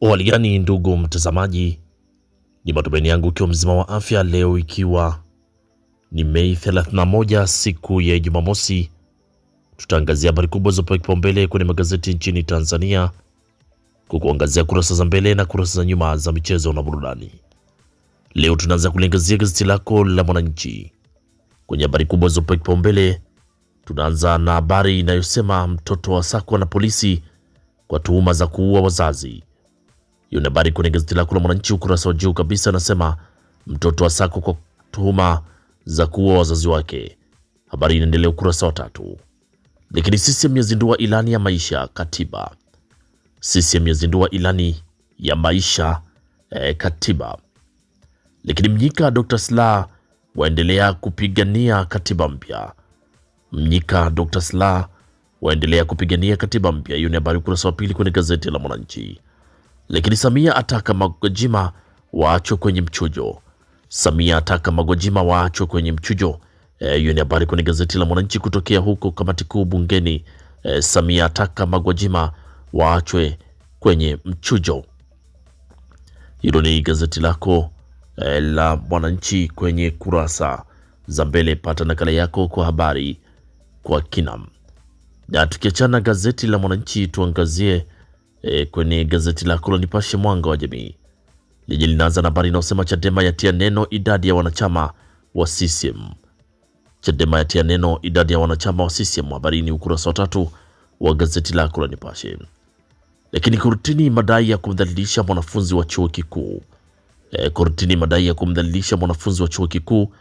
Uhaligani ndugu mtazamaji, ni matumaini yangu ikiwa mzima wa afya leo, ikiwa ni Mei 31 siku ya Jumamosi, tutaangazia habari kubwa zopewa kipaumbele kwenye magazeti nchini Tanzania, kukuangazia kurasa za mbele na kurasa za nyuma za michezo na burudani. Leo tunaanza kuliangazia gazeti lako la Mwananchi kwenye habari kubwa zopewa kipaumbele. Tunaanza na habari inayosema mtoto wa sakwa na polisi kwa tuhuma za kuua wazazi. Hiyo ni habari kwenye gazeti lako la Mwananchi ukurasa wa juu kabisa, anasema mtoto wa sako kwa tuhuma za kuua wazazi wake. Habari inaendelea ukurasa wa tatu. Lakini CCM yazindua ilani ya maisha katiba. CCM yazindua ilani ya maisha eh, katiba. Lakini Mnyika Dr. Sla waendelea kupigania katiba mpya. Mnyika Dr. Sla waendelea kupigania katiba mpya. Hiyo ni habari ukurasa wa pili kwenye gazeti la Mwananchi. Lakini Samia ataka Magojima waachwe kwenye mchujo. Samia ataka Magojima waachwe kwenye mchujo. Eh, hiyo e, ni habari kwenye gazeti la Mwananchi kutokea huko kamati kuu bungeni. E, Samia ataka Magojima waachwe kwenye mchujo. Hilo ni gazeti lako e, la Mwananchi kwenye kurasa za mbele. Pata nakala yako kwa habari kwa kinam. Na tukiachana gazeti la Mwananchi tuangazie e, kwenye gazeti lako la Nipashe Mwanga wa Jamii lenye linaanza na habari inayosema Chadema yatia neno idadi ya wanachama wa CCM. Chadema yatia neno idadi ya wanachama wa CCM, habari ni ukurasa wa tatu wa gazeti lako la Nipashe. Lakini kurutini madai ya kumdhalilisha mwanafunzi wa chuo kikuu e, kurutini madai ya kumdhalilisha mwanafunzi wa chuo kikuu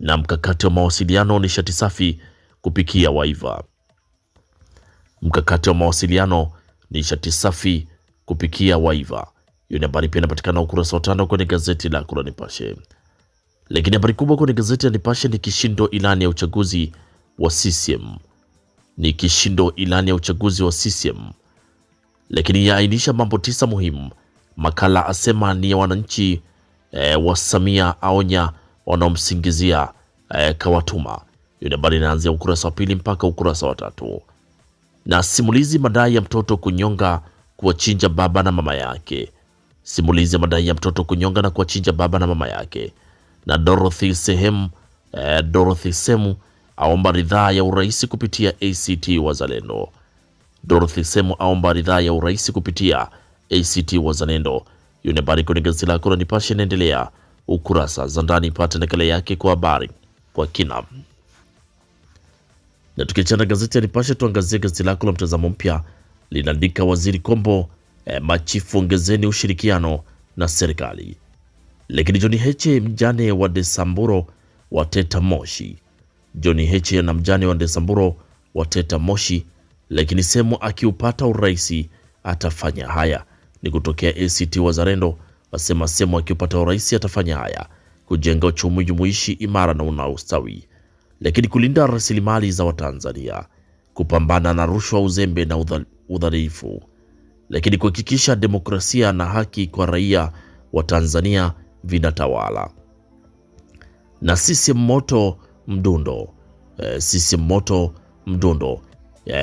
na mkakati wa mawasiliano nishati safi kupikia waiva. Mkakati wa mawasiliano nishati safi kupikia waiva. Hiyo ni habari pia inapatikana ukurasa wa tano kwenye gazeti la la Nipashe. Lakini habari kubwa kwenye gazeti la Nipashe ni kishindo ilani ya uchaguzi wa CCM, ni kishindo ilani ya uchaguzi wa CCM, lakini yaainisha mambo tisa muhimu. Makala asema ni ya wananchi e, wa Samia aonya wanaomsingizia e, kawatuma. Hiyo ni habari inaanzia ukurasa wa pili mpaka ukurasa wa tatu na simulizi madai ya mtoto kunyonga kuwachinja baba na mama yake. Simulizi madai ya mtoto kunyonga na kuwachinja baba na mama yake. Na Dorothy Sehemu, eh, Dorothy Semu aomba ridhaa ya urais kupitia ACT Wazalendo. Dorothy Semu aomba ridhaa ya urais kupitia ACT Wazalendo. Hiyo ni habari kwenye gazeti lako la Nipashe, inaendelea ukurasa za ndani. Pata nakala yake kwa habari kwa kina. Na tukiachana gazeti ya Nipashe, tuangazie gazeti lako la mtazamo mpya, linaandika waziri Kombo e, machifu ongezeni ushirikiano na serikali. Lakini John Heche mjane wa Desamburo wateta Moshi. John Heche na mjane wa Desamburo wateta Moshi, lakini semu akiupata urais atafanya haya. Ni kutokea ACT Wazalendo wasema semu akiupata urais atafanya haya, kujenga uchumi jumuishi imara na unaostawi lakini kulinda rasilimali za Watanzania, kupambana na rushwa, uzembe na udhalifu, lakini kuhakikisha demokrasia na haki kwa raia wa Tanzania vinatawala. Na sisi moto mdundo, eh, sisi moto mdundo,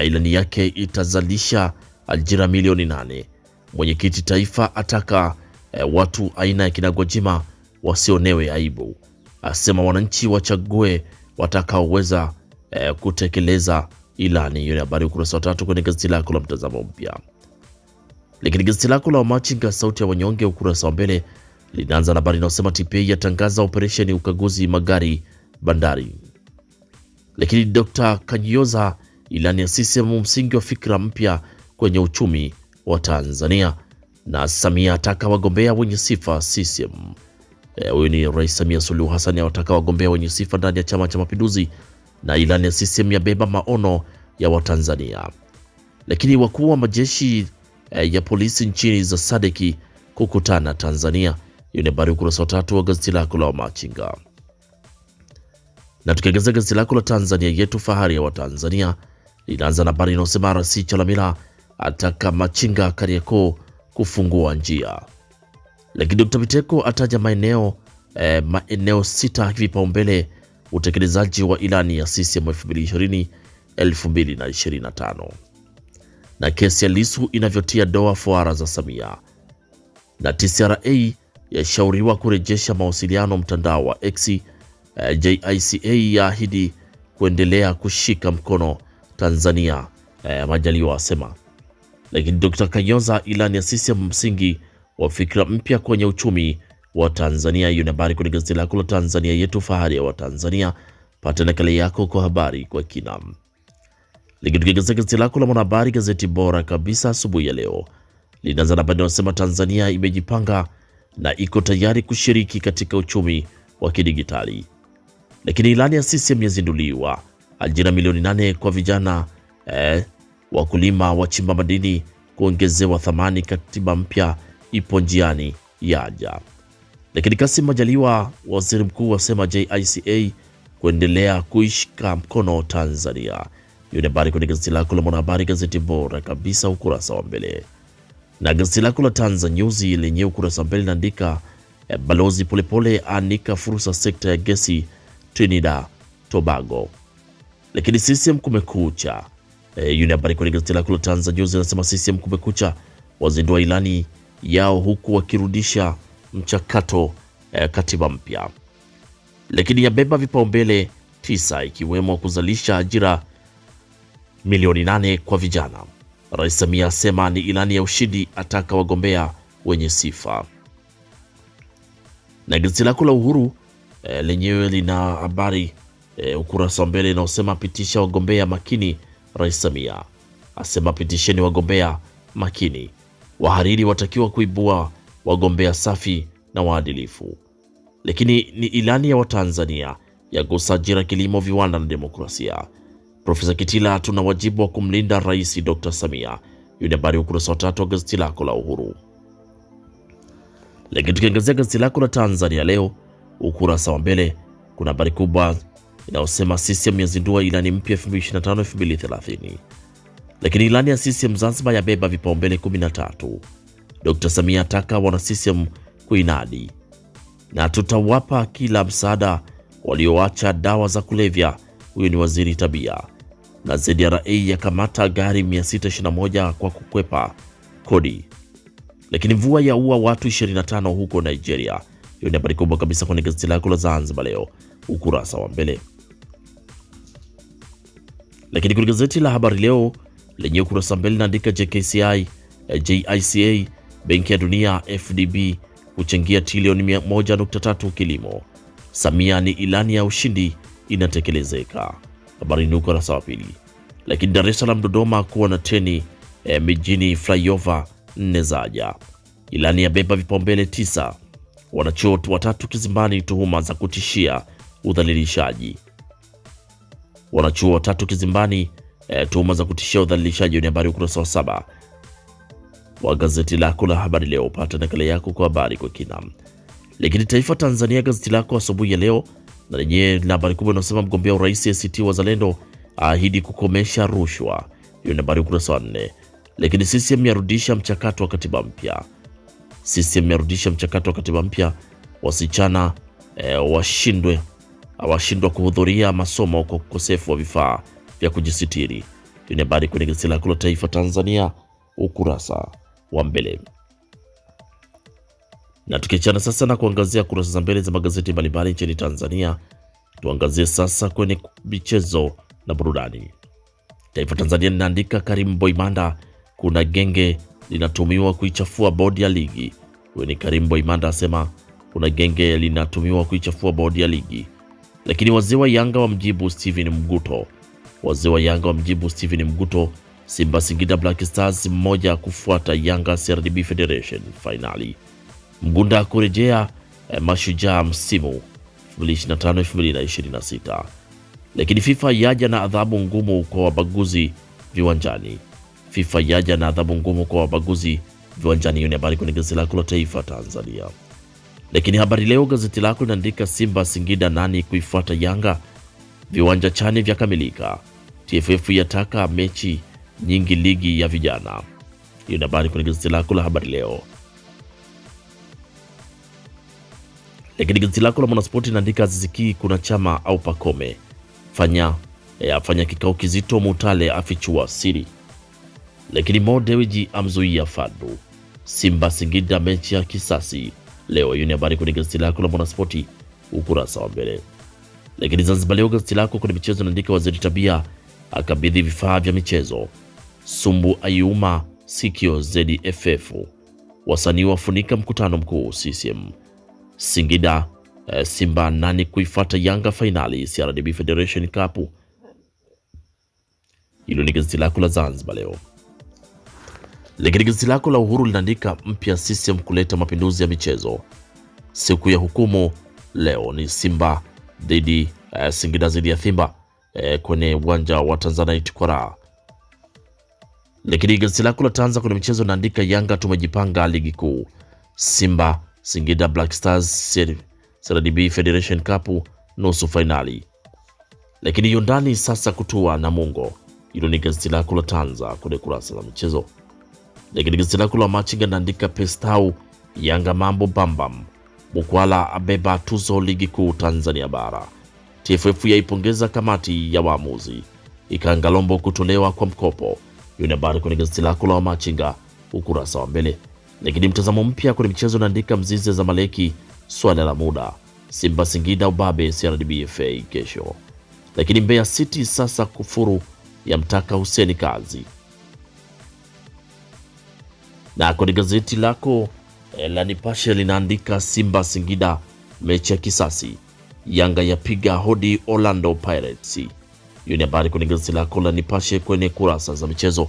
ilani yake itazalisha ajira milioni nane. Mwenyekiti taifa ataka eh, watu aina ya Kinagwajima wasionewe aibu, asema wananchi wachague watakaoweza eh, kutekeleza ilani hiyo. Ni habari ukurasa wa tatu kwenye gazeti lako la Mtazamo Mpya. Lakini gazeti lako la Wamachinga Sauti ya Wanyonge ukurasa wa mbele linaanza na habari inayosema TPA yatangaza operesheni ukaguzi magari bandari. Lakini Dr. Kanyoza, ilani ya CCM msingi wa fikra mpya kwenye uchumi wa Tanzania, na Samia ataka wagombea wenye sifa CCM Eh, huyu e, ni Rais Samia Suluhu Hassan awataka wagombea wenye sifa ndani ya Chama cha Mapinduzi, na ilani ya CCM beba maono ya Watanzania. Lakini wakuu wa majeshi e, ya polisi nchini za Sadeki kukutana Tanzania. Hiyo ni habari ukurasa wa tatu wa gazeti lako la machinga na tukiangazia gazeti lako la Tanzania Yetu, fahari ya Watanzania, linaanza na habari inayosema RC Chalamila ataka machinga Kariakoo kufungua njia. Lakini Dkt. Biteko ataja maeneo eh, maeneo sita vipaumbele utekelezaji wa ilani ya CCM 2020 2025 na kesi ya lisu inavyotia doa fuara za Samia na TCRA yashauriwa kurejesha mawasiliano mtandao wa X. Eh, JICA yaahidi kuendelea kushika mkono Tanzania, eh, Majaliwa asema. Lakini Dr. Kanyoza, ilani ya CCM msingi wa fikra mpya kwenye uchumi wa Tanzania. Hiyo ni habari kwenye gazeti lako la Tanzania Yetu, fahari ya Watanzania. Pata nakala yako kwa habari kwa kina. Likitukiegezia gazeti lako la Mwanahabari, gazeti bora kabisa asubuhi ya leo, linaanza na habari inasema Tanzania imejipanga na iko tayari kushiriki katika uchumi wa kidigitali. Lakini ilani ya CCM yazinduliwa, ajira milioni nane kwa vijana eh, wakulima wachimba madini kuongezewa thamani, katiba mpya ipo njiani yaja. Lakini Kassim Majaliwa, waziri mkuu, wasema JICA kuendelea kuishika mkono Tanzania. Hiyo ni habari kwenye gazeti lako la Mwanahabari, gazeti bora kabisa, ukurasa wa mbele. Na gazeti lako la Tanzania News lenye ukurasa mbele linaandika e, balozi Polepole anika fursa sekta ya gesi Trinidad Tobago. Lakini CCM kumekucha. Eh, hiyo e, ni habari kwenye gazeti lako la Tanzania News, inasema CCM kumekucha wazindua ilani yao huku wakirudisha mchakato eh, katiba mpya, lakini yabeba vipaumbele tisa ikiwemo kuzalisha ajira milioni nane kwa vijana. Rais Samia asema ni ilani ya ushindi, ataka wagombea wenye sifa. Na gazeti lako la Uhuru eh, lenyewe lina habari eh, ukurasa wa mbele inaosema pitisha wagombea makini. Rais Samia asema pitisheni wagombea makini. Wahariri watakiwa kuibua wagombea safi na waadilifu. Lakini ni ilani ya Watanzania yagusa ajira, kilimo, viwanda na demokrasia. Profesa Kitila, tuna wajibu wa kumlinda Rais Dr. Samia. Hiyo ni habari ya ukurasa wa tatu wa gazeti lako la Uhuru. Lakini tukiangazia gazeti lako la Tanzania Leo ukurasa wa mbele, kuna habari kubwa inayosema CCM yazindua ilani mpya 2025 2030 lakini ilani ya CCM Zanzibar yabeba vipaumbele 13. Dr. Samia ataka wana CCM kuinadi, na tutawapa kila msaada walioacha dawa za kulevya, huyo ni waziri Tabia. Na ZRA yakamata gari 621 kwa kukwepa kodi. Lakini mvua ya ua watu 25 huko Nigeria. Hiyo ni habari kubwa kabisa kwenye gazeti lako la Zanzibar leo ukurasa wa mbele. Lakini kwenye gazeti la habari leo lenye ukurasa mbele linaandika JKCI, eh, JICA, Benki ya Dunia, FDB kuchangia trilioni 1.3 kilimo. Samia ni ilani ya ushindi inatekelezeka. Habari ni ukurasa wa pili. Lakini Dar es Salaam Dodoma kuwa na treni eh, mijini flyover nne zaja. Ilani ya beba vipaumbele tisa. Wanachuo watatu kizimbani tuhuma za kutishia udhalilishaji. Wanachuo watatu kizimbani e, tuhuma za kutishia udhalilishaji ni habari ukurasa wa saba wa gazeti lako la habari leo. Pata nakala yako kwa habari kwa kina. Lakini Taifa Tanzania gazeti lako asubuhi ya leo na lenyewe na habari kubwa inasema mgombea urais ACT Wazalendo ahidi kukomesha rushwa, hiyo ni habari ukurasa wa nne. Lakini CCM yarudisha mchakato wa katiba mpya, CCM yarudisha mchakato wa katiba mpya, wasichana e, washindwe washindwa kuhudhuria masomo kwa ukosefu wa vifaa vya kujisitiri. Hii ni habari kwenye gazeti lako la Taifa Tanzania ukurasa wa mbele. Na tukiachana sasa na kuangazia kurasa za mbele za magazeti mbalimbali nchini Tanzania, tuangazie sasa kwenye michezo na burudani. Taifa Tanzania linaandika Karim Boimanda, kuna genge linatumiwa kuichafua bodi ya ligi. Huyo ni Karim Boimanda asema kuna genge linatumiwa kuichafua bodi ya ligi, lakini wazee wa Yanga wamjibu Steven Mguto. Wazee wa Yanga wamjibu Stephen Mguto. Simba Singida Black Stars mmoja kufuata Yanga CRDB Federation fainali. Mgunda kurejea eh, mashujaa msimu 2025 2026. Lakini FIFA yaja na adhabu ngumu kwa wabaguzi viwanjani. FIFA yaja na adhabu ngumu kwa wabaguzi viwanjani. Hiyo ni habari kwenye gazeti lako la Taifa Tanzania. Lakini habari leo gazeti lako linaandika Simba Singida nani kuifuata Yanga Viwanja vya vyakamilika. TFF yataka mechi nyingi ligi ya vijana. Hiyo ni habari kwenye gazeti lako la habari leo. Lakini gazeti lako la Mwanaspoti inaandika Aziziki kuna chama au pakome fanya eh, afanya kikao kizito, Mutale afichua siri. Lakini Mo Dewji amzuia fadu Simba Singida mechi ya kisasi leo. Hiyo ni habari kwenye gazeti lako la Mwanaspoti ukurasa wa mbele. Lakini Zanzibar Leo gazeti lako kuna michezo naandika waziri Tabia akabidhi vifaa vya michezo, Sumbu ayuma sikio ZFF, wasanii wafunika mkutano mkuu CCM, Singida eh, Simba nani kuifuata Yanga fainali CRDB Federation Cup. Hilo ni gazeti lako la Zanzibar Leo. Lakini gazeti lako la Uhuru linaandika mpya CCM kuleta mapinduzi ya michezo, siku ya hukumu leo ni Simba dhidi uh, Singida dhidi ya Simba uh, kwenye uwanja wa Tanzanite kwa raha. Lakini gazeti lako la Tanza kwenye michezo naandika Yanga tumejipanga ligi kuu, Simba Singida Black Stars CRDB Federation Cup nusu fainali. Lakini hiyo ndani sasa kutua na Mungo. Hilo ni gazeti lako la Tanza kwenye kurasa za michezo. Lakini gazeti lako la Machinga naandika Pestau Yanga mambo bambam bam. Mukwala abeba tuzo ligi kuu Tanzania Bara. TFF yaipongeza kamati ya waamuzi. Ikangalombo kutolewa kwa mkopo. Hiyo ni habari kwenye gazeti lako la Wamachinga ukurasa wa mbele. Lakini mtazamo mpya kwenye michezo unaandika mzizi za maleki swala la muda. Simba Singida ubabe CRDB FA kesho. Lakini Mbeya City sasa kufuru ya mtaka Huseni kazi. Na kwenye gazeti lako Eh, la Nipashe linaandika Simba Singida mechi ya kisasi, Yanga yapiga hodi Orlando Pirates. Hiyo ni habari kwenye gazeti lako la Nipashe kwenye kurasa za michezo.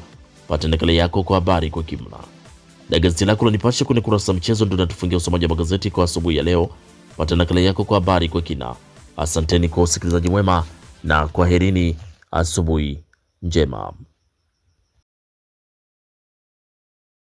Pata nakala yako kwa habari kwa kimna na gazeti lako la Nipashe kwenye kurasa za michezo. Ndio natufungia usomaji wa magazeti kwa asubuhi ya leo. Pata nakala yako kwa habari kwa kina. Asanteni kwa usikilizaji mwema na kwaherini, asubuhi njema.